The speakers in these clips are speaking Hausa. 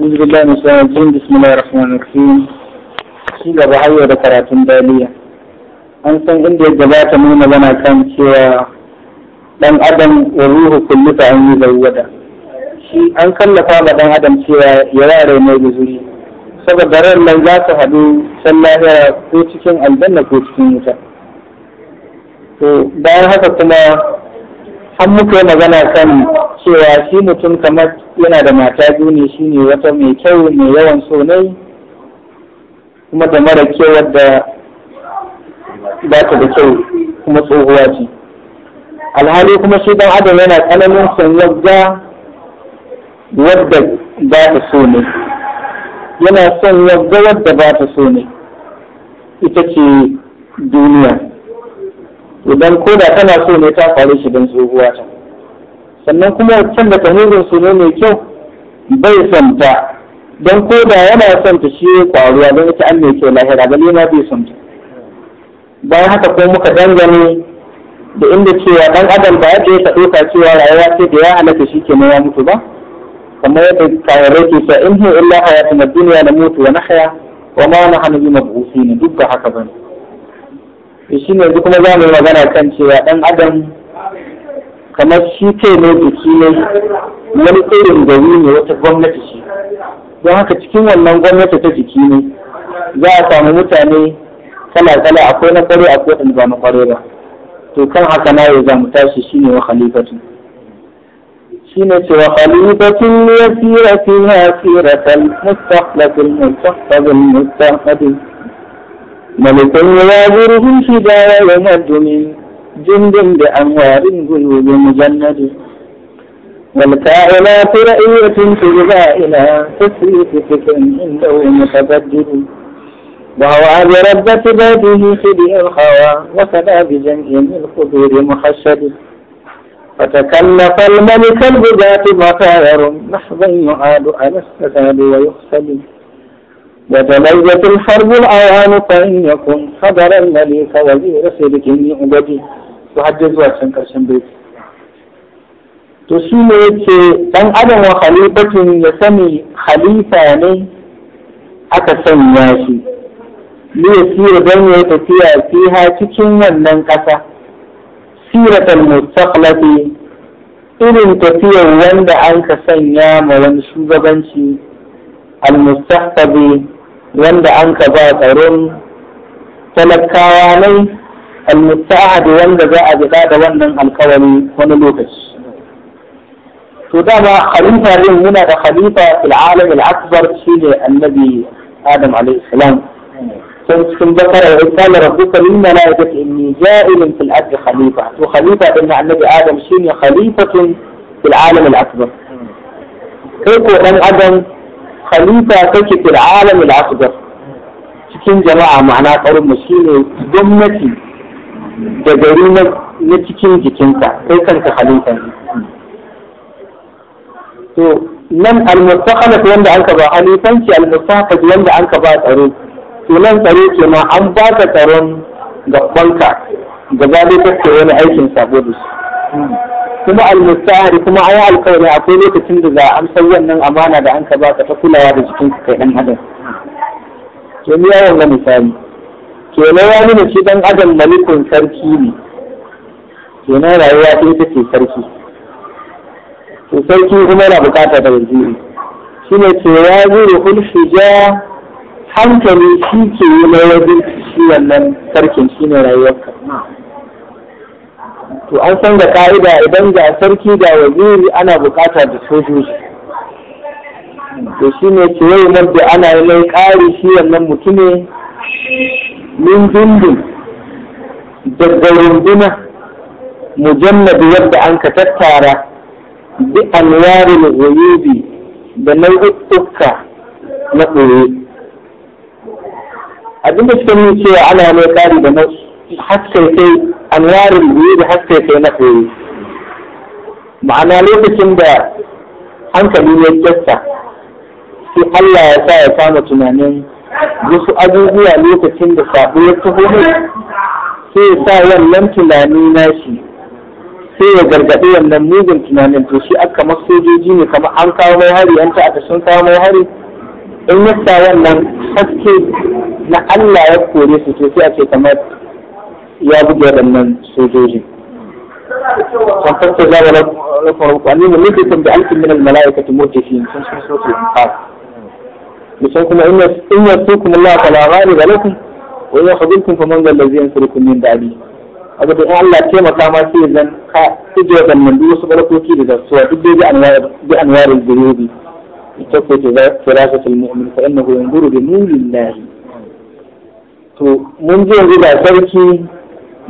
أعوذ بالله من الشيطان الرجيم بسم الله الرحمن الرحيم shi gaba har da karatun daliya an san inda ya gabata nuna magana kan cewa dan adam wa ruhu kullu ta an yi zawwada shi an kallafa ma dan adam cewa ya rare mai guzuri saboda ran nan za ta haɗu san lahira ko cikin aljanna ko cikin wuta to bayan haka kuma an muka yi magana kan cewa shi mutum kamar yana da mata ne shi ne wata mai kyau mai yawan sonai kuma da mara kyau wadda ba ta da kyau kuma tsohuwa ce alhali kuma shi dan adam yana tsananin son yadda wadda ba ta so ne yana son yadda wadda ba ta so ne ita ce duniya idan ko da tana so ne ta faru shi don tsohuwa ta sannan kuma can da tamirin su ne mai kyau bai son ta don ko da yana son ta ya kwaruwa don ita an mai kyau lahira gani ma bai son ta bayan haka ko muka dangane da inda cewa dan adam ba yadda ya ɗauka cewa rayuwa ce da ya halaka shi ke ya mutu ba kamar yadda kayarai ke sa in hi illa hayatun duniya na mutu wa nahya wa ma nahnu bi mab'usin duk da haka bane shi ne yanzu kuma za mu yi magana kan cewa ɗan adam kamar shi kai ne jiki ne wani irin gari ne wata gwamnati shi don haka cikin wannan gwamnati ta jiki ne za a samu mutane kala-kala akwai na kwarai akwai waɗanda ba na kware ba to kan haka na za mu tashi shi ne wa khalifatu shi ne cewa khalifatun ya tsira fi ha tsira tal mustaqbalil mustaqbalil mustaqbalil ملك يوابرهم فدايا يمد من جند بأنوار جيود مجند والكائنات رئية في غائنا تسريف فكر عنده متبدد وهو بربة بابه خدي الخوى وكذا بجمع الخدور محشد فتكلف الملك البداة مطاير محضا يعاد على السفاد ويحسد وتميز الحرب الأوان فإن يكن خبرا لي فوزير صدق يعبدي وحدث واسن كرشن بيت to shi ne ce ɗan adam wa khalifatin ya sani khalifa ne aka sanya shi ya sira don ya tafiya fiha cikin wannan ƙasa siratal mustaqlati irin tafiyar wanda an ka sanya ma wani shugabanci al-mustaqbi wanda an ka ba tsaron talakawa ne almusta'ahad wanda za a gida da wannan alkawari wani lokaci to dama khalifa din muna da khalifa fil alam al akbar shine annabi adam alayhi salam sun cikin bakara ya kala rabbuka lil malaikati inni ja'ilun fil ardi khalifa to khalifa din annabi adam shine khalifatun fil alam al akbar kai ko dan adam khalifa take fil alam al akbar cikin jama'a ma'ana karin mu shine gwamnati da gari na cikin jikinka kai kanka khalifa ne to nan al mustaqalat wanda anka ba khalifanci al mustaqad wanda anka ba tsaro to nan tsaro ke ma an ba ka tsaron gabanka gaba dai kake wani aikin sabo da shi. kuma almustahari kuma ayi alƙawari akwai lokacin da za a amsar wannan amana da an ka baka ta kulawa da jikin kai dan adam ke ni yawan ga misali kenan ya nuna shi dan adam malikun sarki ne kenan rayuwa ta ita ce sarki to sarki kuma yana bukata da yanzu shi ne ke ya zuru ulfija hankali shi ke yi na wajen shi wannan sarkin shi ne rayuwarka to an san da ka'ida idan ga sarki ga waziri ana bukata da sojoji Da shi ne ke yau da ana yi mai ƙari shi wannan mutune min dindin daga runduna mujallabi yadda an ka tattara bi anwarin uyubi da nau'uka na ɓoye abinda suka nuna cewa ana mai ƙari da haskai kai anwarin biyu da haske sai na koyi ma'ana lokacin da hankali ya kyasta sai Allah ya sa ya kama tunanin wasu abubuwa lokacin da sabo ya taho ne sai ya sa wannan tunani shi. sai ya gargaɗi wannan mugun tunanin to shi aka kamar sojoji ne kamar an kawo mai hari an aka sun kawo mai hari in ya sa wannan haske na Allah ya kore su to a ce kamar ya buɗe waɗannan sojoji kan fasta za wa rafin rukwani mu nufi kan da alkin minal mala'ika ta mote fiye sun sun so su fara musan kuma in ya so kuma Allah ta labari ga lakum wa ya khabirkum fa man zalla zai yansurukum min dadi abu da in Allah taimaka ma sai zan ka tije waɗannan duk wasu barkoki da zasuwa duk dai bi anwarin zurubi ita ce firasatul mu'min fa innahu yanzuru bi nuri Allah to mun ji yanzu da sarki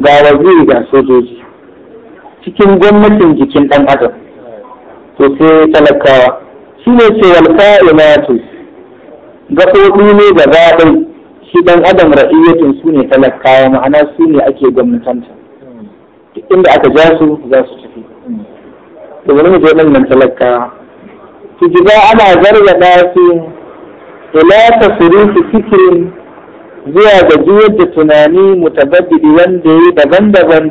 ga waziri ga sojoji cikin gwamnatin jikin ɗan adam to sai talakawa shi ne ce walfa'ilatu gaɓoɓi ne da ɗai shi ɗan adam ra'iyyatin su ne talakawa ma'ana su ne ake gwamnatanta duk inda aka ja su za su tafi da wani mutum ɗan talakawa tujiba ana zargada su ila tasirifi fikirin zuwa ga juyar da tunani mutabaddidi wanda ya daban-daban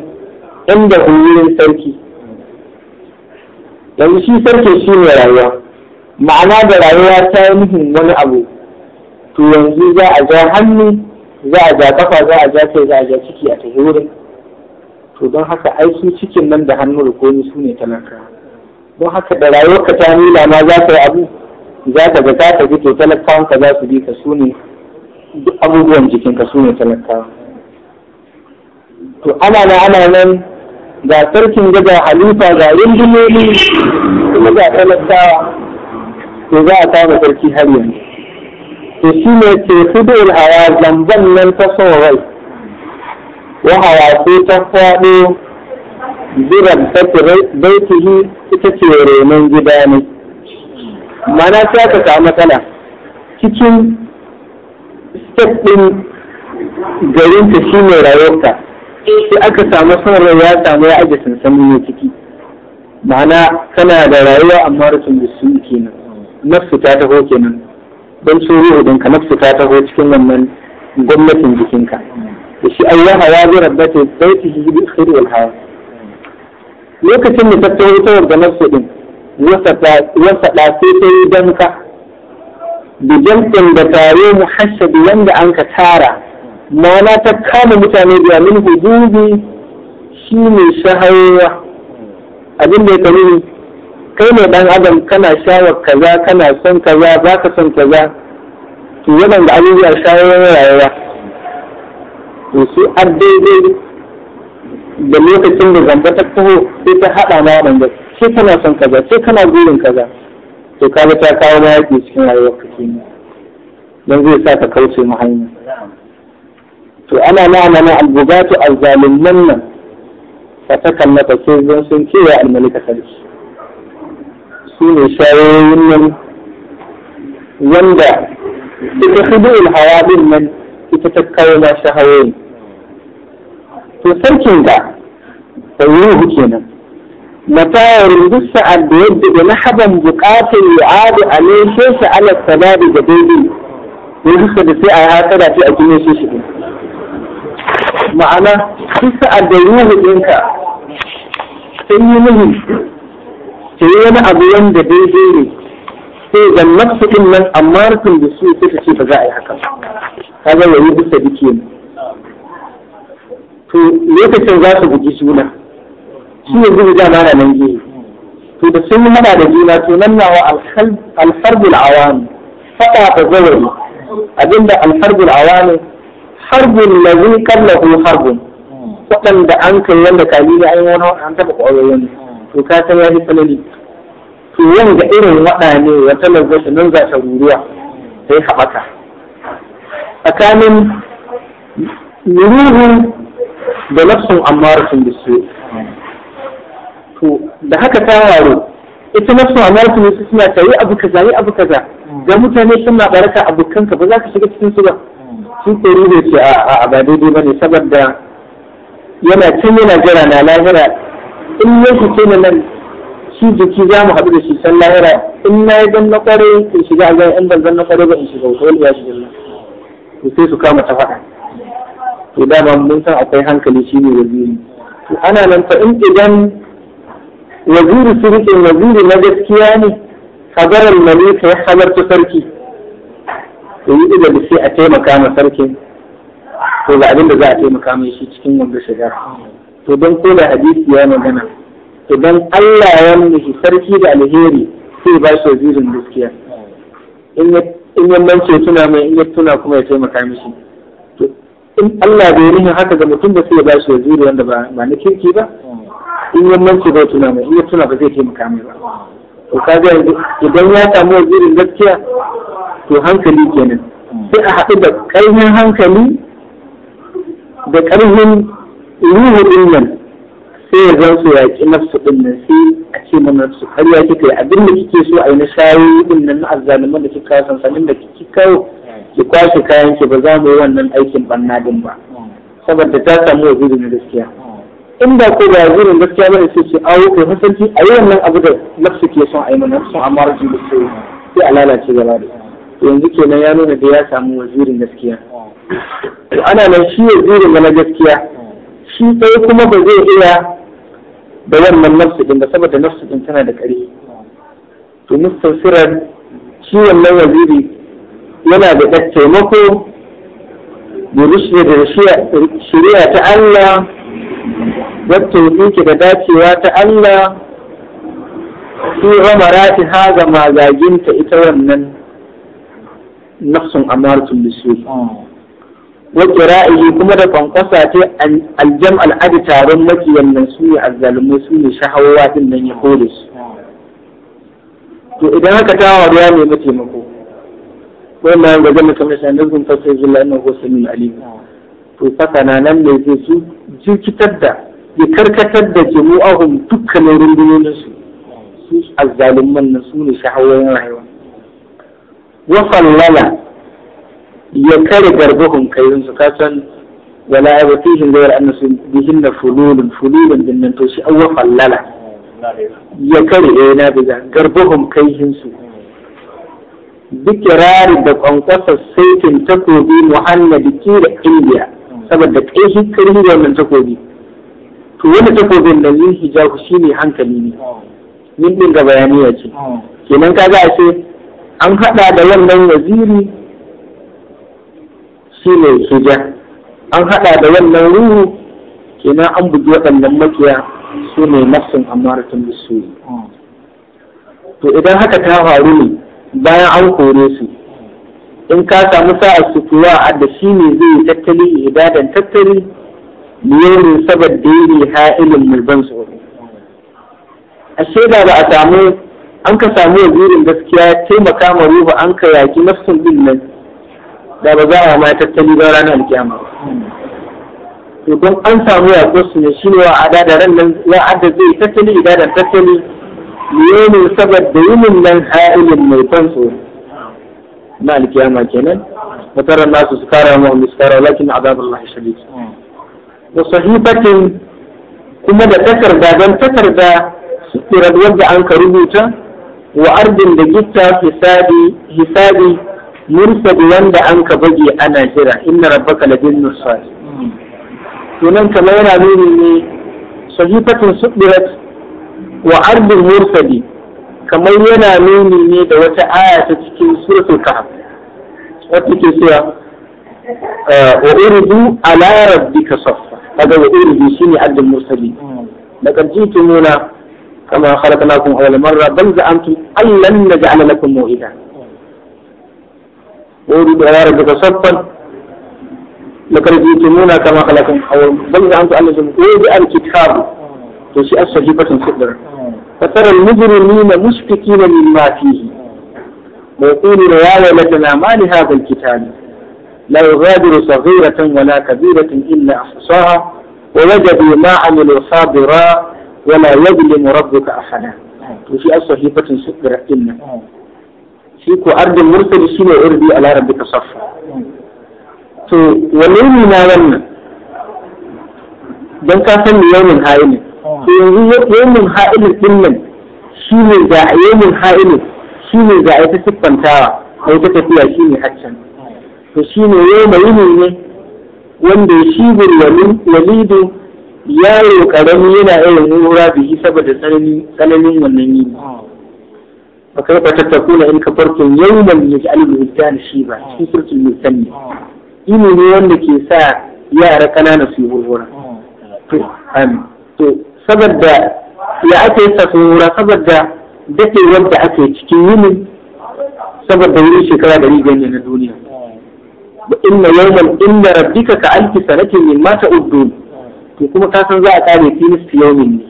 inda wurin sarki yanzu shi sarki shi ne rayuwa ma'ana da rayuwa ta yi nufin wani abu to yanzu za a ja hannu za a ja kafa za a ja kai za a ja ciki a tafi wurin to don haka aiki cikin nan da hannu da komi su ne talaka don haka da ka ta nuna ma za ka yi abu za ka ga ka ji to talakawanka za su bi ka su ne duk abubuwan jikinka ka sune talakawa to ana na ana nan ga sarkin ga ga halifa ga rundunoni kuma ga talakawa to za a kama sarki har yanzu to shi ne ke fidowar hawa zamban nan ta son wa hawa ko ta faɗo zirar ta baitihi ita ce renon gida ne mana sai ka samu matsala cikin state ɗin garinta shi mai rayuwarta eh. sai aka samu sanarwar ya samu ya aje sansanin ya ciki ma'ana kana da rayuwa amma rasul bisu kenan nafsu ta taho kenan don su ruhu ɗinka nafsu ta taho cikin wannan gwamnatin jikinka da shi Allah ya ta rabbata baitihi bi khairi wal hawa lokacin da ta taho ta wanda nafsu ɗin, wasa ta sai ta yi danka da jam'in da tare muhassad yadda an ka tara ma'ana ta kama mutane da min hududi shi ne shahararwa abin da ya kari kai ne dan adam kana shawar kaza kana son kaza ba ka son kaza to da abubuwa shahararwa rayuwa to su ar da lokacin da zamba ta taho sai ta haɗa na, wanda sai kana son kaza sai kana gurin kaza to kaga ta kawo na yaƙi cikin rayuwar ka kenan don zai sa ka kauce mu to ana ma'ana na albugatu azzalimman nan ka ta kallata sai zan sun cewa almalika sarki su ne shayoyin nan wanda ita fi hawa din nan ita ta kawo na shahayoyi to sarkin ka sai ruhu kenan mata duk sa'ad da yadda da na haban bukatun yu'adu a ne shi su ala sadari da daidai yanzu da sai a da sai a kime shi shi ma'ana duk sa'ad da ruhu ɗinka sun yi nuhu ta yi wani abu wanda daidai ne sai ga nafsu ɗin nan amma rufin da su sai ta ce ba za a yi haka Ta zama yayi duk da duke to lokacin za su guji suna shi yanzu da dama na nan gehe to da sun yi mana da juna to nan nawa alharbul awami faɗa da zawari abinda alharbul awani harbun lazi kallahu harbun waɗanda an kai wanda kalili an yi wani an taɓa ƙwayoyin to ka san ya fi tsanani to wanga irin waɗane wata lazzata nan za ta ruruwa ta yi haɓaka tsakanin ruhu da nafsun amma rasun bisu to da haka ta waro ita na amma su ne suna ta yi abu kaza yi abu kaza ga mm. mutane suna baraka abokanka ba za ka shiga cikin su ba mm. sun ko ne ce a ba daidai ba ne saboda yana can yana jira na lahira in ya fice ce nan shi jiki za mu haɗu da shi san lahira in na yi zan na kware in shiga a zan in ban zan na kware ba in shiga wata wani ya shiga to sai su kama ta faɗa to dama mun san akwai hankali shi ne wajen to ana nan fa in idan waziri sirikin waziri na gaskiya ne hadarar malika ya halarta sarki to yi da sai a taimaka ma sarki, to ga abin da za a taimaka mai shi cikin wanda shiga to don kola hadisi ya magana don Allah ya nufi sarki da alheri sai ba shi wazirin gaskiya in ya mance tuna mai in ya tuna kuma ya taimaka mishi to in Allah bai nufi haka ga mutum da sai ya ba shi waziri wanda ba na kirki ba in yi mance zai tuna mai iya tuna ba zai taimaka mai ba to kaga yanzu idan ya samu wazirin gaskiya to hankali kenan sai a haɗu da ƙarfin hankali da ƙarfin ruhu ɗin nan sai ya zan su yaƙi nafsu ɗin nan sai a ce mana nafsu har ya kika yi abin da kike so a yi na shayoyi ɗin nan na azzaliman da kika san-sanin da kike kawo ki kwashe kayan ki ba za mu yi wannan aikin ban din ba saboda ta samu wazirin gaskiya in ba ko ba zurin gaskiya bane sai ce awo kai hasanci a yi wannan abu da nafsu ke son a yi mana son amma da sai sai a lalace gaba da yanzu kenan ya nuna da ya samu wazirin gaskiya ana nan shi wazirin mana gaskiya shi sai kuma ba zai iya da wannan nafsu din ba saboda nafsu din tana da ƙari to mustasirar shi wannan waziri yana da taimako da rushe da shari'a ta Allah والتوفيق بذات سوات ألا في عمرات هذا ما زاجنت إتوانا نفس أمارة بالسوف وقرائه كما دفن قصات الجمع العدد رمك ينسوي عز المسوي شهوات من يخولس to idan haka ta wa ruwa ne mataimako ko ma ga jama'a kamar sanin gun tafsir zulla ina go sanin alimi to sakana nan ne zai su jirkitar da ya karkatar da jami'ahum dukkanin rundunoninsu su azzalumman na su ne shahawoyin rayuwa wa fallala ya kare garbahun kairin su kasan wala ya bafi hin gawar annasu bihin da fululun fululun dinnan to shi awwa fallala ya kare ya eh, na biga garbahun kairin su bikirari da kwankwasa saitin takobi muhannadi kira indiya saboda ƙaishi karfi da wannan takobi to wani takobin da zai shi ne hankali ne min ɗin ga bayaniya ce kenan ka za a ce an haɗa da wannan waziri shi ne hija an haɗa da wannan ruhu kenan an bugi waɗannan makiya su ne nafsin amaratun bisuri to idan haka ta faru ne bayan an kore su in ka samu sa'ar a da shi ne zai yi tattali ibadan tattali liyomin sabar da yi ha'ilin mulban tsoro a shaida ba a samu an ka samu wazirin gaskiya taimaka ma ruba an ka yaki nafsun din nan da ba za a ma tattali ba ranar alkiyama to don an samu yaƙo su ne shine wa ada da ran nan ya adda zai tattali ibadan tattali liyomin sabar da yi nan ha'ilin mulban tsoro na alkiyama kenan mutarar nasu su kara mu miskara lakin azabullahi shadid Da sahibatin kuma da takarda don takarda suturar wadda an ka rubuta wa ardin da gitta hisabi hisabi wanda an ka bage ana jira inna rabbaka ladin nursal tunan kamar yana nuni ne sahifatin suturat wa ardin mursadi. kamar yana nuni ne da wata aya ta cikin suratul kahf wata ke cewa wa urdu ala rabbika saffa kaga wa urdu shine addul mursali da karji kama khalaqnakum awwal marra bal za'antum allan naj'ala lakum maw'ida urdu ala rabbika saffan لقد جئتمونا كما خلقكم أول بل أنتم أنزلتم وجاء الكتاب تشيء الصحيفة الخضر فترى المجرمين مشفقين مما فيه ويقول يا ولدنا ما لهذا الكتاب لا يغادر صغيرة ولا كبيرة إلا أحصاها ووجدوا ما عملوا صابرا ولا يظلم ربك أحدا وفي الصحيفة سكر إلا فيكو أرض المرسل شنو أرضي على ربك صفا to wanne ne na wannan don ka yanzu yamin ha'ilin din nan shi ne da yamin ha'ilin shi ne da ta siffantawa a ta tafiya shi ne haccan to shi ne yau mai ne wanda shi bin walidu yaro karami yana yin nura bihi saboda tsananin wannan yini فكيف تتكون إن كفرتم na shi ba, shi في mai المزمل إني ne wanda ke sa yara ƙanana su yi gurgura to am to saboda ya ake yi tsora saboda dake wanda ake cikin yini saboda wurin shekara da rigar na duniya inna yawman inna rabbika ka alfi sanake ne mata uddu to kuma ka san za a kare finis yawmin ne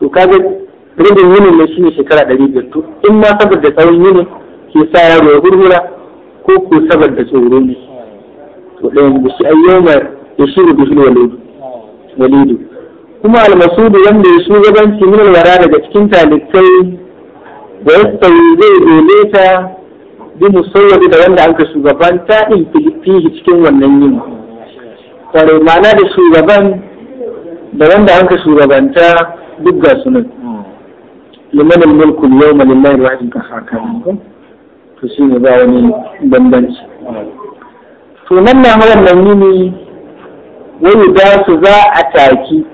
to kaga rubin yinin ne shine shekara ɗari biyar to in ma saboda tsawon yinin ke sa yaro gurgura ko ko saboda tsoro ne to ɗayan bishi ayyoma ya shiru bishi walidu kuma almasudu wanda ya shugabanci min alwara daga cikin talibai da ya tsaye zai dole ta bi musawwari da wanda anka shugabanta in filifihi cikin wannan yin tare ma'ana da shugaban da wanda anka shugabanta duk ga sunan liman almulku ma lillahi wahidin ka hakan to ne ba wani bambanci to nan na wannan yini wani da su za a taki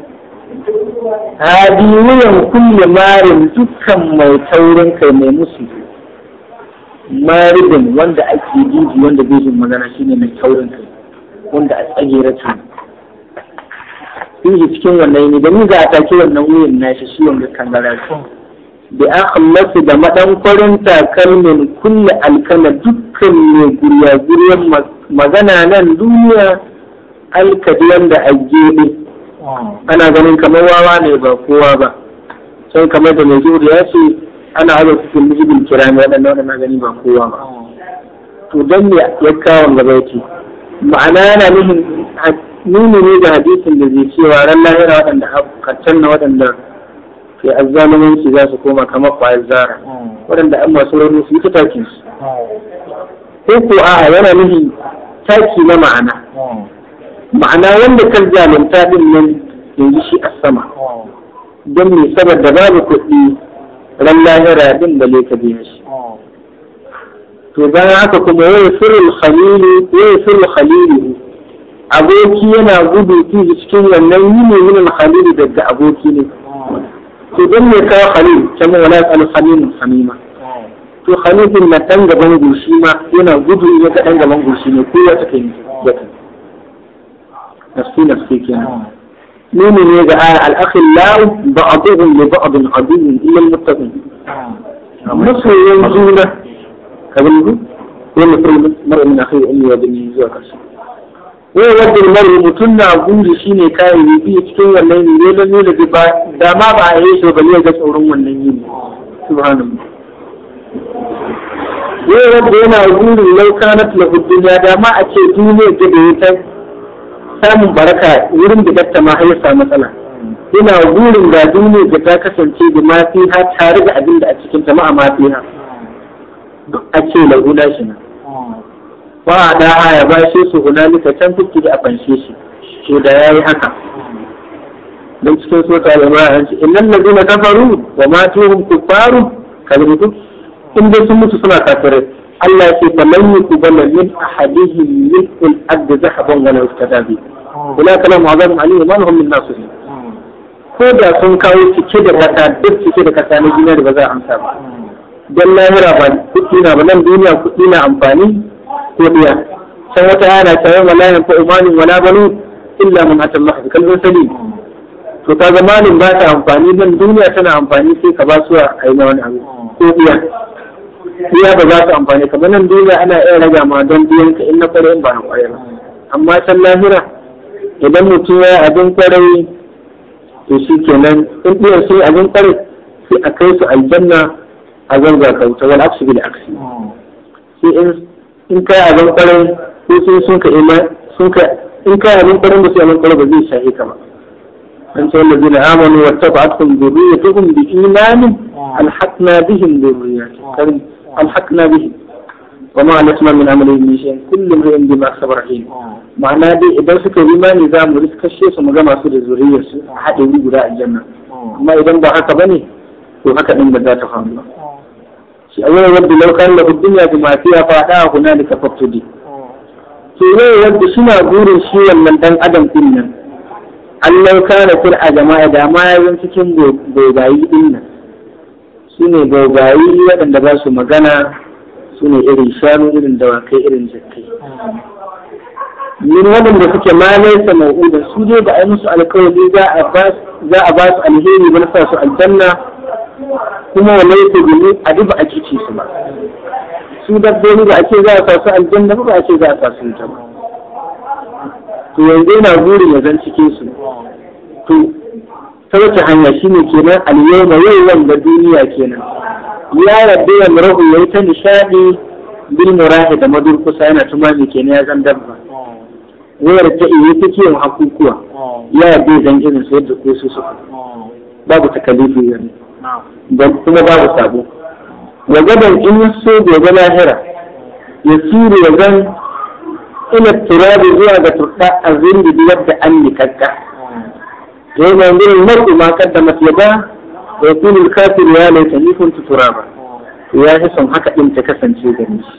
hadi wuyan kulle marin dukkan mai taurin kai mai musu maridin wanda ake jiji wanda bai jin magana shine mai taurin kai wanda a tsagera ce Inji cikin wannan yini, da ni za a take wannan wuyan nashi shi wanda kangara da an hallasa da madan kwarin takalmin kulle alkana dukkan mai gurya guryan magana nan duniya alkadiyan da a gebe ana ganin kamar wawa ne ba kowa ba sai kamar da mai zuri ya ce ana haɗa cikin bijibin kira ne waɗanda waɗanda gani ba kowa ba to don ne ya kawo ga yake ma'ana yana nufin nuni ne da hadisin da zai cewa ran lahira waɗanda kaccan na waɗanda ke shi za su koma kamar kwayar zara waɗanda an masu rauni su yi ta takin su hmm. ko ko a'a yana nufin taki na ma'ana hmm. ma'ana wanda kan zalunta din nan yanzu shi a sama don me saboda babu kuɗi ran lahira din da ka biya shi to bayan haka kuma wai sirrul khalili wai sirrul khalili aboki yana gudu tuji cikin wannan yi ne min khalili daga aboki ne to don mai kawo khalil kamar wala al khalil khamima. to khalil din na dan gaban gushi ma yana gudu ya ga dan gaban gushi ne ko ya take nafsi nafsi kenan ga aya al-akhillau ba'dhum li ba'd aduwwun illa al-muttaqin masoyan juna kabin ku yana wai wadda mar'u mutun na guri shine kai ne cikin wannan ne da ba da ma ba a yi shi ba ne tsoron wannan yin wai yana guri lauka na lahu dunya da ma a ce duniya da ta samun baraka wurin da dakta ma har matsala ina burin da duniya da ta kasance da mafiha tare da abin da a cikin ta ma'a mafiha duk a ce lahu shi na wa a da haya ba shi su hunalika can fiki da a fanshe shi to da yayi haka don cikin sota a imran an ce innal ladina kafaru wa matuhum kuffarun kalmutu in dai sun mutu suna kafirai Allah ce fa lan yuqbala min ahadihim mithlu al-ard zahaban wa law istada bi ila kalam azam ali wa lahum min nasir ko da sun kawo cike da kasa duk cike da kasa na gina da ba za a amsa ba dan lahira ba kuɗi na ba nan duniya kuɗi na amfani ko diya san wata yana ta yi wa la yanfa umanin wala banu illa man ata Allah bi kalbin salim to ka zamanin ba ta amfani nan duniya tana amfani sai ka ba su a aina wani abu ko diya iya ba za su amfani kamar nan duniya ana iya raga ma don biyan ka in na kware in ba na kware ba amma can lahira idan mutum ya abin kwarai to shi kenan in biyan sai abin kwarai sai a kai su aljanna a zanga kauta wal aksu bil aksi sai in in kai abin kwarai sai sun sun ka ina sun ka in kai abin kwarai ba sai abin kwarai ba zai shahi kama an ce wallazi na amanu wa tabatkum dhurriyyatuhum bi imanin alhaqna bihim dhurriyyatuhum alhaqna bihi wa ma alatna min amali min shay'in kullu imrin bima sabar hin ma'ana dai idan suka yi imani za mu riskashe su mu gama su da zuriyar su a haɗe wuri guda a amma idan ba haka bane to haka din ba za ta faru ba shi a yau wanda laukan da dunya bi ma fiya fada hunalika faktudi ke ne wanda suna gurin shi wannan dan adam din nan Allah kana fil a jama'a da ma yayin cikin gogayi din nan su ne gaugayi waɗanda ba su magana su ne irin shanu irin dawakai irin jakai min waɗanda suke ma mai mau'uda su dai ba a yi musu alkawari za a ba su alheri ba sa su aljanna kuma wa laisa gini a duba a kici su ba su dabbobi ba ake za a sa su aljanna ba a za a sa su ta ba to yanzu yana burin ya zan cikin su to ta wace hanya shi ne kenan al-yawma yau wanda duniya kenan ya rabu ya murahu yi ta nishadi bil murahi da kusa yana tumami ke ya zan dabba wayar ta iya ta yin hakukuwa ya ya zan irin sayar da ko su su babu takalifi yanzu don kuma babu sabo ya gaban in ya da ga lahira ya tsire ya zan ina turabi zuwa ga turɗa a zindi wadda an kakka Yana يوم ينظر المرء ما قدمت يداه ويقول الكافر يا ليتني كنت Ya fi son haka din ta kasance gare shi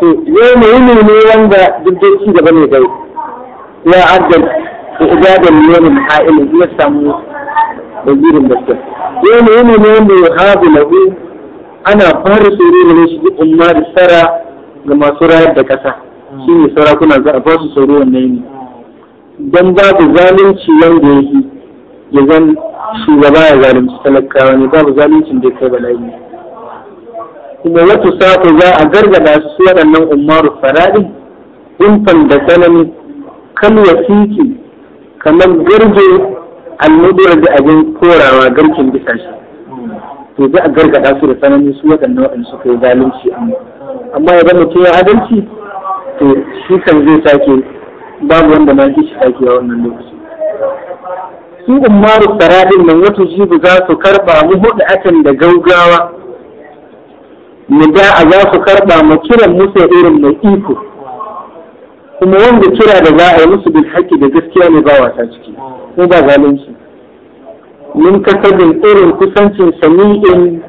to yau mai yi ne wanda duk da ci gaba ne dai ya da addal ijadan liyanin ha'ilin ya samu da wazirin gaske yau mai yi ne wanda ya haɗu na hu ana fara tsoro ne shi duk umma da tsara ga masu rayar da ƙasa shi ne sarakuna za a ba su tsoro yi ne don babu zalunci wanda ya yi ya zan shugaba ya zalunci talakawa ne babu zaluncin da kai bala'i kuma wata sako za a gargada su waɗannan umaru faraɗi infan da tsanani kan wasiki kamar garje almuduwar da abin korawa garkin bisa shi to za a gargada su da tsanani su waɗannan waɗanda suka yi zalunci amma ya zama cewa adalci to shi kan zai sake babu wanda na ji shi haƙi a wannan lokaci su umaru faradin nan wata jibu za su karɓa mu hudu akan da gaugawa mu da'a za su karɓa mu kiran musu irin mai iko kuma wanda kira da za a yi musu bil haƙi da gaskiya ne ba wasa ciki ko ba zalunci min kasabin irin kusancin sami'in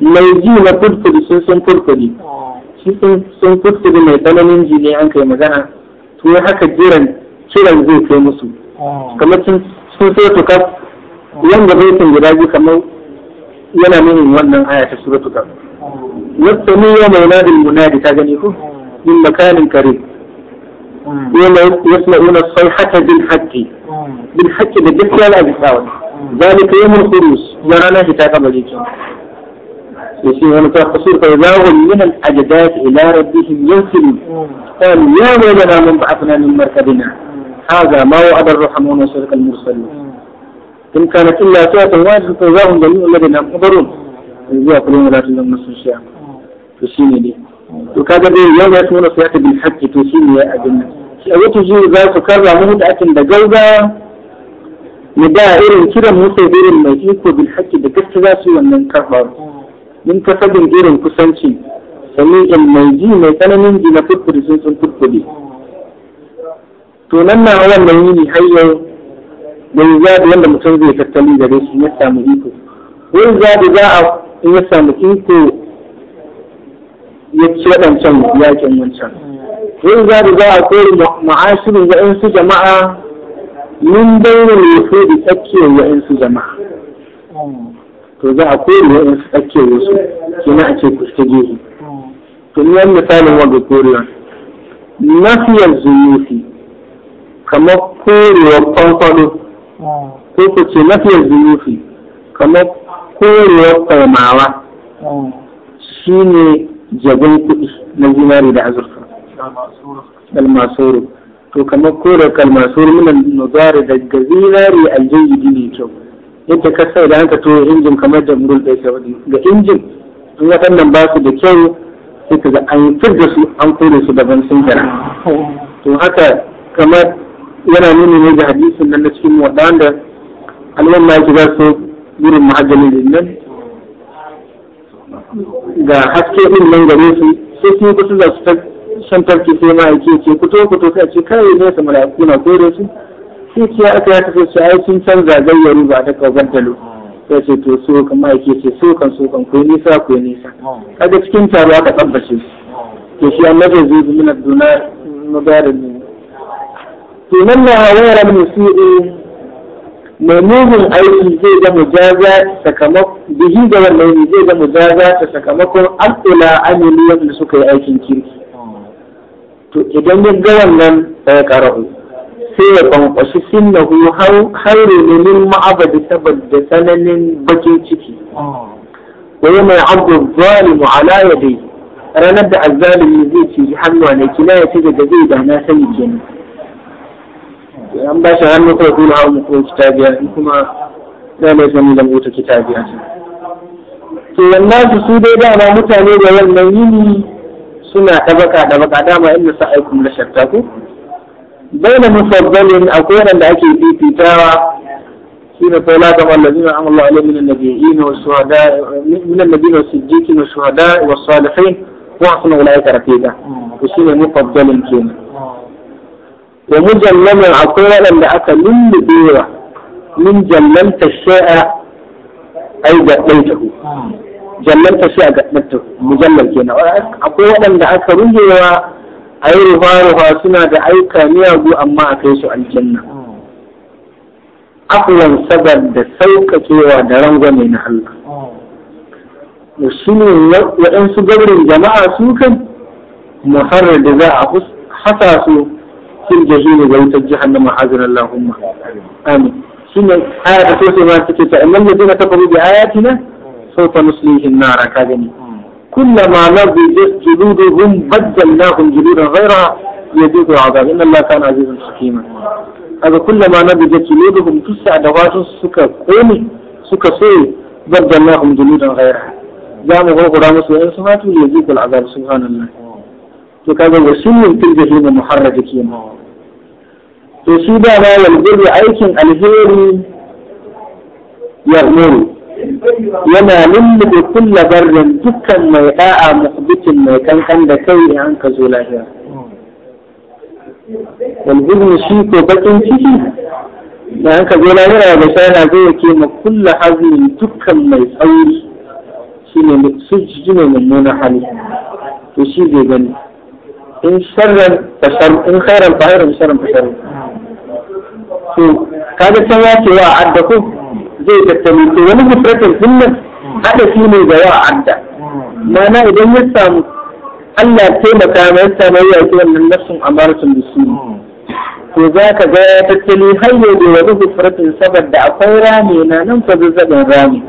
mai ji na furfuri sun sun furfuri shi sun furfuri mai tsananin ji ne an kai magana to haka jiran kiran zai kai musu ah. kamar sun sun sai to kaf wanda bai san guda kamar yana nuna wannan aya ta ni kaf yastami ah. yawma yunadi munadi ta gani ko ah. min makanin kare yawma yasma'una sayhata bil haqqi bil haqqi da gaskiya la bisawa zalika yawmul khurus ya rana ta kamar yake يصير هناك قصور فإذا هم من الحجدات إلى ربهم ينسلون قال يا ويلنا من بعثنا من مركبنا هذا ما وعد الرحمون وصدق المرسلون إن كانت إلا سورة واحدة فإذاهم جميع الذين ينظرون إذا يقولون لا تلهم نصر الشيء تسيني لي وكذا يوم يأتون صيحة بالحق تسيني يا أجنة أو تجيب ذات كذا مهدأة بجودة نداء إرن كده موسى إرن ما بالحق بكثرة سوى من كربار In ka sabin irin kusanci in mai ji mai tsananin ji na furfuri sun sun furfuri to nan na wannan yini ni yau da zaɓi wanda mutum zai tattali da shi ya samu iko wani zaɓi za a in ya samu iko ya ci waɗancan yaƙin wancan wani zaɓi za a kori ma'ashirin wa'insu jama'a min bayyana ya fi da tsakiyar wa'insu jama'a to za a kore wa su ake wasu kina a ce kuska to ni wani misalin wanda korewa nafiyar zunufi kamar korewar kwankwado ko ku ce nafiyar zunufi kamar korewar kwamawa shi ne jabin kuɗi na zinari da azurfa kalmasoro to kamar kore kalmasoro nuna nazari daga zinari aljayyidi ne kyau yadda ka sai da haka to injin kamar da mul da ya ga injin in waɗannan ba su da kyau sai ka ga an da su an kore su daban sun gara to haka kamar yana nuni ne da hadisin nan na cikin waɗanda alwan ma yake za su gurin mahajjalin nan ga haske din nan gare su sai sun kusa za su san tarki sai ma yake ce kuto kuto sai a ce kai ne su mala'iku na kore su kiciya aka ya tafi su aiki sun canza gayyaru ba ta kauban talo sai ce to so kan ma'aike ce so kan so kan kuyi nisa kuyi nisa kaga cikin taro aka tabbace ke shi annabi zai bi min aduna ne to nan na hawara min e mai mugun aiki zai ga mujaza sakamakon bihi da wannan zai ga mujaza ta sakamakon al'ula amiliyar da suka yi aikin kirki to idan ya ga wannan sai ya ƙara'u sai ya kwankwashi kinnahu haure ne lil ma'abadi saboda tsananin bakin ciki wa yana abu zalimu ala yadai ranar da azzalimi zai ci hannuwa ne kina ya ce daga zai da na sani kenan an ba shi hannu kawai kuma hawa muku kitabiya in kuma da mai sani da mota kitabiya ce to wannan su su dai dama mutane da wannan yini suna tabaka tabaka dama inda sa'aikum la shattaku بين مفضلين أو كون الأكل في تتاع فينا فولاد من الذين عم الله عليه من النبيين والشهداء من النبيين والصديقين والشهداء والصالحين وعصنا أولئك رفيدة وشينا مفضل كينا ومجلما أقولا لأك من نبيرة من جللت الشيء أي جلته جللت الشيء جلته مجلل كينا أقولا لأك من نبيرة ai ruwa ruwa suna da aika miyagu amma a kai su aljanna afuwan sabar da sauƙaƙewa da rangwame na Allah shi waɗansu gabrin jama'a su kan muharrar da za a hasa su fil jahili ga wutar jahannama hazin Allahumma amin shi ne aya da sosai ma suke ta innan da zina ta ayatina sauta musulmihin nara ka gani كلما نضجت جلودهم بدلناهم جلودا غيرها ليذوقوا العذاب ان الله كان عزيزا حكيما هذا كلما نضجت جلودهم تسع دوات سكا قومي سكا سوي بدلناهم جلودا غيرها جامع غرام سوين سماتوا ليذوقوا العذاب سبحان الله وكذا وسلم في الجحيم محرك كيما to shi da ma yanzu aikin yana lulluɓe kulla barin dukkan mai da'a muhbitin mai kankan da kai in an ka zo lahira walhuzn shi ko bakin ciki da an ka zo lahira da shi yana zai yake ma kulla hazin dukkan mai tsauri shi ne sujji ne mummunan hali to shi zai gani in sharran bashar in khairan fahirar sharran bashar to kaga can ya ce wa addaku zai tattali to wani mufradin din nan hadafi ne ga yawa anta idan ya samu Allah ya taimaka mai ya samu ya ce wannan nafsun to za ka ga ya tattali har yau da wani mufradin saboda akwai rami na nan fa zazzabin rami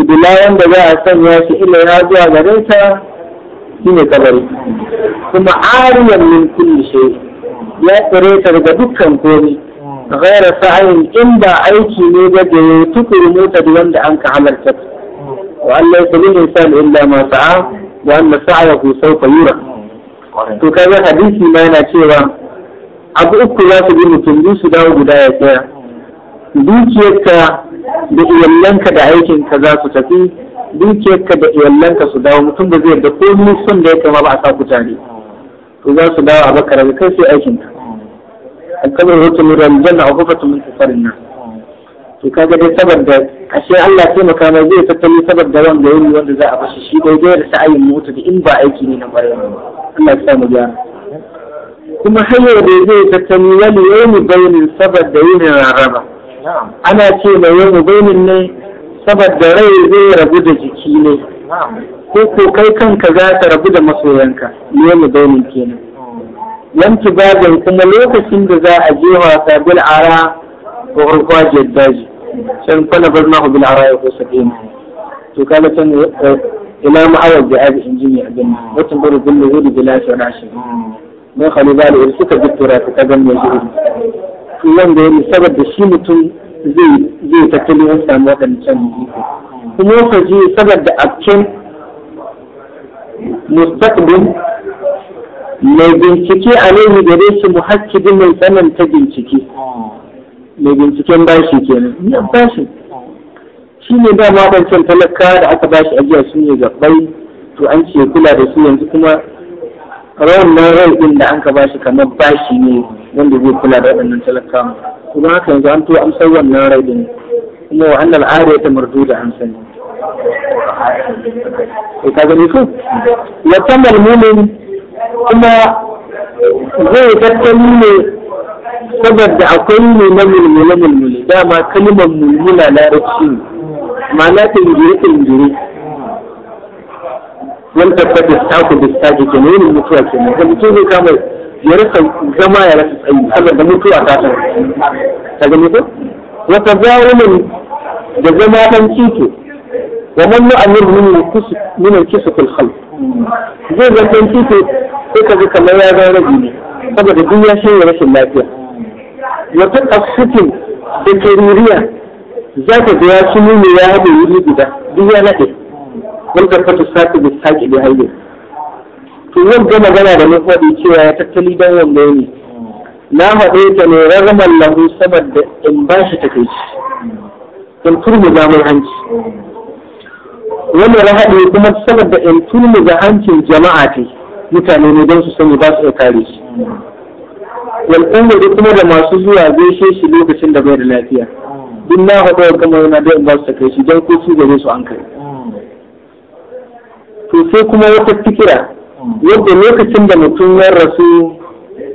idila wanda za a sanya shi ya zuwa gare ta shine kabari kuma ariyan min kulli ya tsare ta daga dukkan komai ghaira sa'ayin inda aiki ne da da ya tukuru mota da wanda an ka halarta wa Allah ya illa masu sa'a wa anna sa'ayahu sawfa to kaga hadisi ma yana cewa abu uku za su bi mutum biyu su dawo guda ya tsaya dukiyarka da iyalanka da aikinka za su tafi dukiyarka da iyalanka su dawo mutum da zai da komai son da ya kama ba a sa kutare to za su dawo a bakarar kai sai aikinka alkabar hoto mu ran janna a hukumatu min kufarin nan to kaga dai saboda ashe Allah ya taimaka mai zai tattali saboda wanda yayi wanda za a bashi shi daidai da sa'ayin mota da in ba aiki ne na bare Allah ya sa mu gyara kuma hanyar da zai tattali wani yayi bayanin saboda yin rarraba ana ce mai yayi bayanin ne saboda rai zai rabu da jiki ne ko ko kai kanka za ka rabu da masoyanka yayi bayanin kenan yanki babin kuma lokacin da za a je wasa bil ara ko farfajiyar jaddaji can kwana bar na bil ara ya kusa ɗaya to kala can eh, ila ma'awar da abi injini a gani wata bari bin da zuri bila shi rashi mai khalifa da yadda suka jittura ta kagan mai zuri to wanda ya musabar da shi mutum zai tattali ya samu can mai kuma wata ji saboda a cikin mustaqbil mai bincike a ne gare shi muhakkidin mai tsananta bincike mai binciken bashi kenan ya bashi shi ne dama wancan talaka da aka bashi ajiya su ne gabai to an ce kula da su yanzu kuma rawan na rai din da an ka bashi kamar bashi ne wanda zai kula da waɗannan talaka kuma haka yanzu an to amsar wannan rai din kuma wa annal ariyata da an sani ka gani ko wa tamal mumin kuma zai tattali ne saboda akwai ne na mulmule mulmule dama kalmar mulmula larabci ne ma'ana tingire tingire wani tabbata ku da ta ke yin mutuwa ke ne kuma mutum zai kama ya rasa zama ya rasa tsayi saboda mutuwa ta ta ta gani ko wata zarumin da zama kan kito wa mannu yu'amir min al-kisu min al fil khalq zai zantan kito sai ka ji kamar ya zama rabi ne saboda duk ya shirya rashin lafiya wata a da da ruriya za ka ga ya ci ya haɗe wuri guda duk ya naɗe wanda ta sati da saki da haɗe to yau gama gana da mafaɗi cewa ya tattali don wanda ne na haɗe ta ne rarraman lahu saboda in ba shi ta shi in turmuza mai hanci wannan rahaɗe kuma saboda in turmuza hancin jama'a yi mutane ne don su sani ba su iya kare shi wal da kuma da masu zuwa gaishe shi lokacin da bai da lafiya duk na haɗu da kamar yana da ba su kai shi don ko su gare su an kai to sai kuma wata fikira yadda lokacin da mutum ya rasu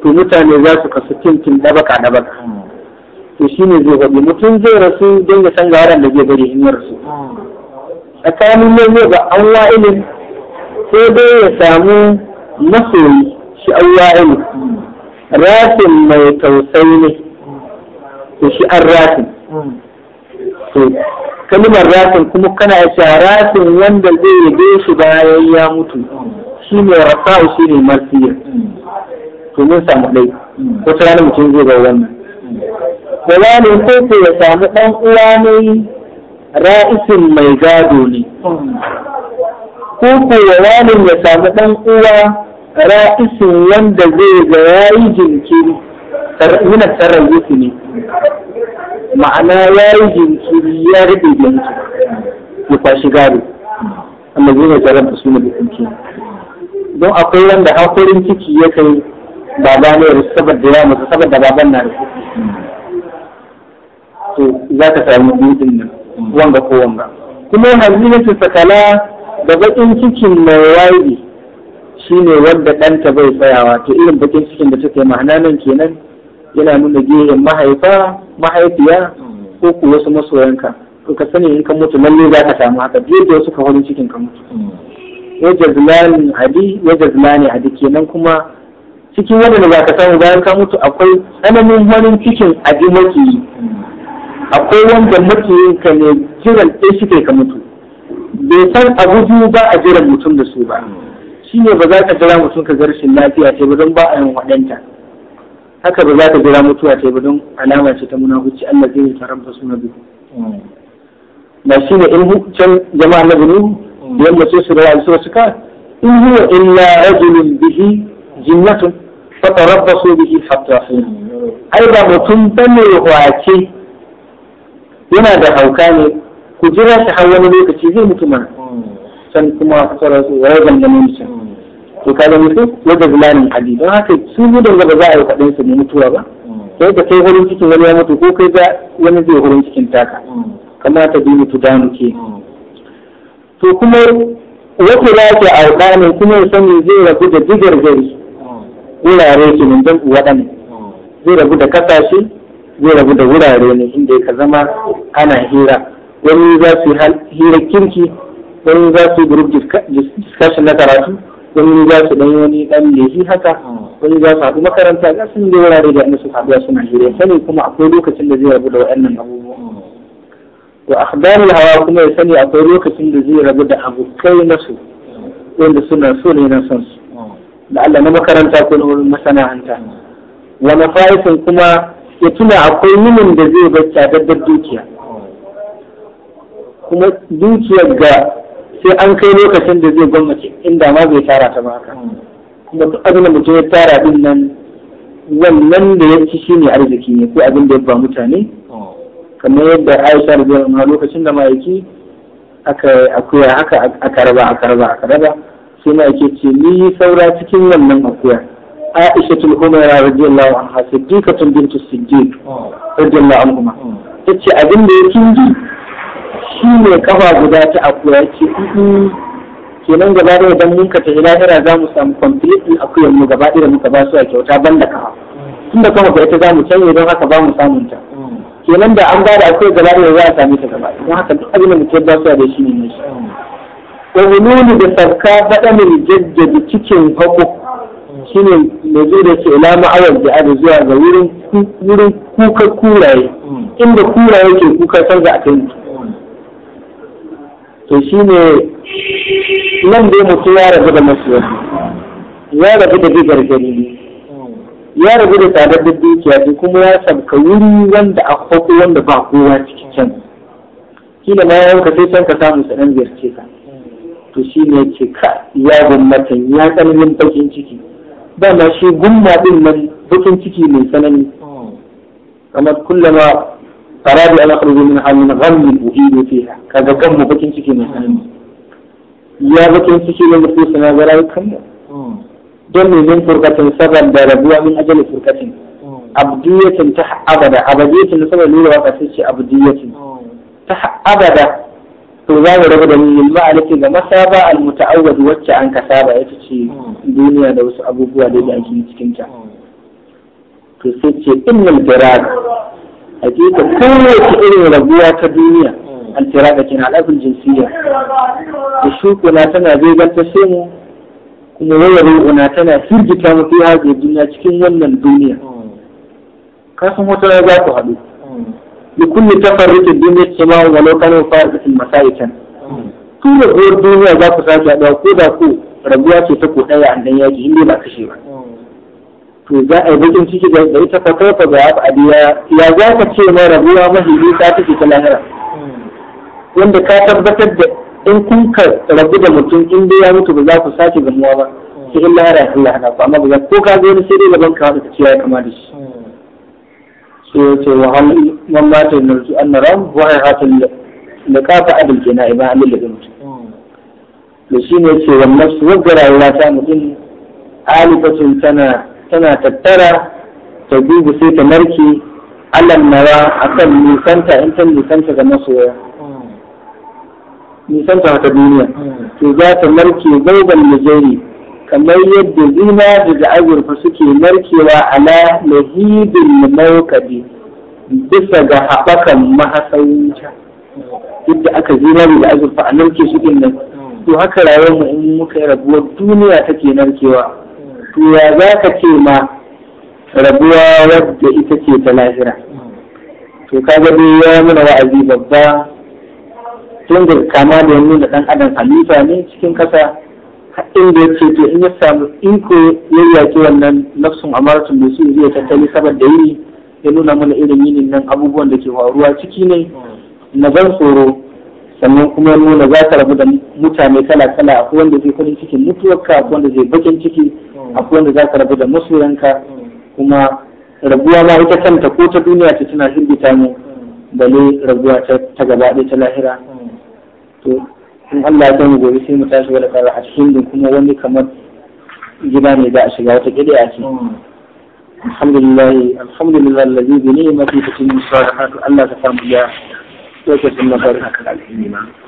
to mutane za su kasu tintin dabaka dabaka to shi ne zai faɗi mutum zai rasu don ya san gawaran da zai bari in ya rasu tsakanin ne ga an wa'ilin sai dai ya samu masoyi shi an yi. rafin mai tausayi ne to shi an rafin to kalmar rafin kuma kana ya rafin wanda zai yabe shi bayan ya mutu shi ne rafa shi ne marsiya to mun samu dai? wata rana mutum zai ga wannan da ne ko ko ya samu dan uwa ne ra'isin mai gado ne ko ko ya ya samu dan uwa ra'isin wanda zai ga yi jinkiri tsarar sarrafi ne ma'ana ya yi jinkiri ya rube jinki ya kwashi gado amma zai ga jaran su ne jinkiri don akwai wanda hakorin ciki ya kai baba ne saboda ya mutu saboda baban na to za ka samu dutsen nan wanga ko wanga kuma yanzu ne su sakala da bakin cikin mai wayi Shi ne wanda ɗanta bai tsayawa to irin bakin cikin da suka yi ma'ana nan kenan yana nuna gehen mahaifa mahaifiya ko ku wasu masoyanka to ka sani in ka mutu lalle za ka samu haka duk da wasu ka cikin ka mutu ya jazlani hadi ya jazlani hadi kenan kuma cikin waɗanda za ka samu bayan ka mutu akwai tsananin farin cikin abin makiyi akwai wanda makiyin ka ne jiran ɗaya shi ka mutu bai san abu ba a jiran mutum da su ba shine ba za ka jira mutum ka ga rashin lafiya ce ba don ba a yin waɗanta haka ba za ka jira mutuwa ce ba don alama ce ta munafuci Allah zai tarabba suna biyu ba shi ne in can jama'a na biyu yamma sai su rawa su wasu ka in huwa illa rajulun bihi jinnatun fa su bihi hatta hin ai ba mutum bane wace yana da hauka ne ku jira shi har wani lokaci zai mutu mana san kuma sauransu wa rajulun da mutum to ka ga mutum wadda zulanin hadi don haka su gudun ba za a yi kwaɗin su ne mutuwa ba sai mm. da kai hurin cikin wani ya mutu ko kai ga wani zai hurin cikin taka mm. kamata bi mutu da muke. Mm. to kuma wata ke a wuƙanin kuma ya sani zai rabu da digar gari wurare ke nan don waɗannan zai rabu da kasashe zai rabu da wurare ne inda ya zama ana hira wani za su hira kirki wani za su yi group discussion na karatu wani za su dan wani dan shi haka wani hmm. za su haɗu makaranta za su yi wurare da inda su haɗuwa suna hira sani kuma akwai lokacin da zai rabu da waɗannan abubuwa hmm. to akhbarul hawa kuma ya sani akwai lokacin da zai rabu da abokai na su hmm. wanda suna so ne na son su da Allah na makaranta ko na wurin masana'anta wa mafaisin kuma ya tuna akwai yinin da zai bacci a daddar dukiya kuma dukiyar ga sai an kai lokacin da zai gwamnati inda ma zai tara ta ba kuma duk abin da mutum ya tara din nan wannan da ya ci shine arziki ne ko abin da ya ba mutane kamar yadda Aisha zai ma lokacin da ma'aiki aka akuya haka aka raba aka raba aka raba sai ma'aiki ce ni saura cikin wannan akuya Aisha tul Humaira radiyallahu anha siddiqatun bintu Siddiq oh. radiyallahu anha tace abin da ya kinji shi ne kafa guda ta akuya ce kenan gaba da idan mun ka tafi lahira za mu samu completely akuyar mu gaba da muka ba su a kyauta ban da kafa tun da kafa ita za mu canje don haka ba mu samun ta kenan da an ba da akuyar gaba da za a same ta gaba don haka duk abin da mutum ba su da shi ne ne shi wa hululu da sarka bada mai jaddada cikin hako shine mai zo da ke ila ma'awar da ada zuwa ga wurin kuka kuraye inda kuraye ke kuka san za a kai mutum to shi ne nan dai mutum ya rabu da masoyi ya rabu da bigar gani ya rabu da tsadar da dukiya kuma ya sabka wuri wanda a kwako wanda ba kowa cikin can kila ma ya yanka sai can ka samu sanan ziyarce ka to shi ne ce ka ya gummatan ya tsananin bakin ciki ma shi gumma din nan bakin ciki mai tsanani kamar kullum. farabi ala qalbi min halin ghammi uhidu fiha kaga kan mu bakin ciki ne hannu ya bakin ciki ne mutum sana ga rayukan mu don ne min furkatin sabar da rabuwa min ajali furkatin abdiyatin ta abada abadiyatin da sabar lura ba sai ce abdiyatin ta abada to za mu rabu da ni yin ma'a nake ga masaba almuta'awwad wacce an ka saba ya ce duniya da wasu abubuwa da ake cikinta to sai ce innal diraga hakika kowace irin rabuwa ta duniya hmm. alfiraka kina al'afin jinsiya da na tana zai sai mu kuma rubu na tana firgita mu fi hajji duniya cikin wannan duniya hmm. kasan wata za ku haɗu da hmm. ta tafarrukin duniya ce ma walau kanu fa'idatul masaikan tun da duniya za ku sake haɗuwa ko da ku rabuwa ce ta ko ɗaya a dan yaki inda ba kashe ba to za a yi bakin ciki da ita ta kai fa ga adiya ya za ka ce mai rabuwa mahibi ta take ta lahira wanda ka tabbatar da in kun ka rabu da mutum in dai ya mutu ba za ku sake gamuwa ba sai in lahira ya Allah na amma ba za ko ka zo sai dai gaban ka wanda ka ce ya kama da shi sai ya ce wa hal man mata nurju an naram wa hayatul da ka fa adal kenan iban Allah da mutum shi ne ce wannan su wadda rayuwa ta mutum alifatun tana tana tattara ta dubu sai ta narke alal mara akan nisanta in ta nisanta ga masoya nisanta ta duniya to za ta narke gauban lijeri kamar yadda zina daga azurfa suke narkewa ala lahidin maukadi bisa ga haɓakan mahasauta yadda aka zina da azurfa a narke su nan to haka rayuwar mu in muka yi rabuwar duniya take narkewa ya za ka ce ma rabuwa wadda ita ce ta lahira to kaga dai ya muna wa'azi babba tun da kama da yanzu da ɗan adam halifa ne cikin kasa inda ya ce to in ya samu in ko ya yaki wannan nafsun amaratun da su zai tattali saboda yi ya nuna mana irin yinin nan abubuwan da ke faruwa ciki ne na ban tsoro sannan kuma nuna za ta rabu da mutane kala kala akwai wanda zai kudin cikin mutuwarka akwai wanda zai bakin ciki akwai wanda za ka rabu da masoyanka kuma rabuwa ma ita kanta ko ta duniya ce tana hirgita mu bale rabuwa ta gaba ɗaya ta lahira to in Allah ya mu gobe sai mu tashi wani fara a cikin kuma wani kamar gida ne za a shiga wata gida a ce alhamdulillah alhamdulillah allazi bi ni'mati tatimmu salihat Allah ta samu ya creo que es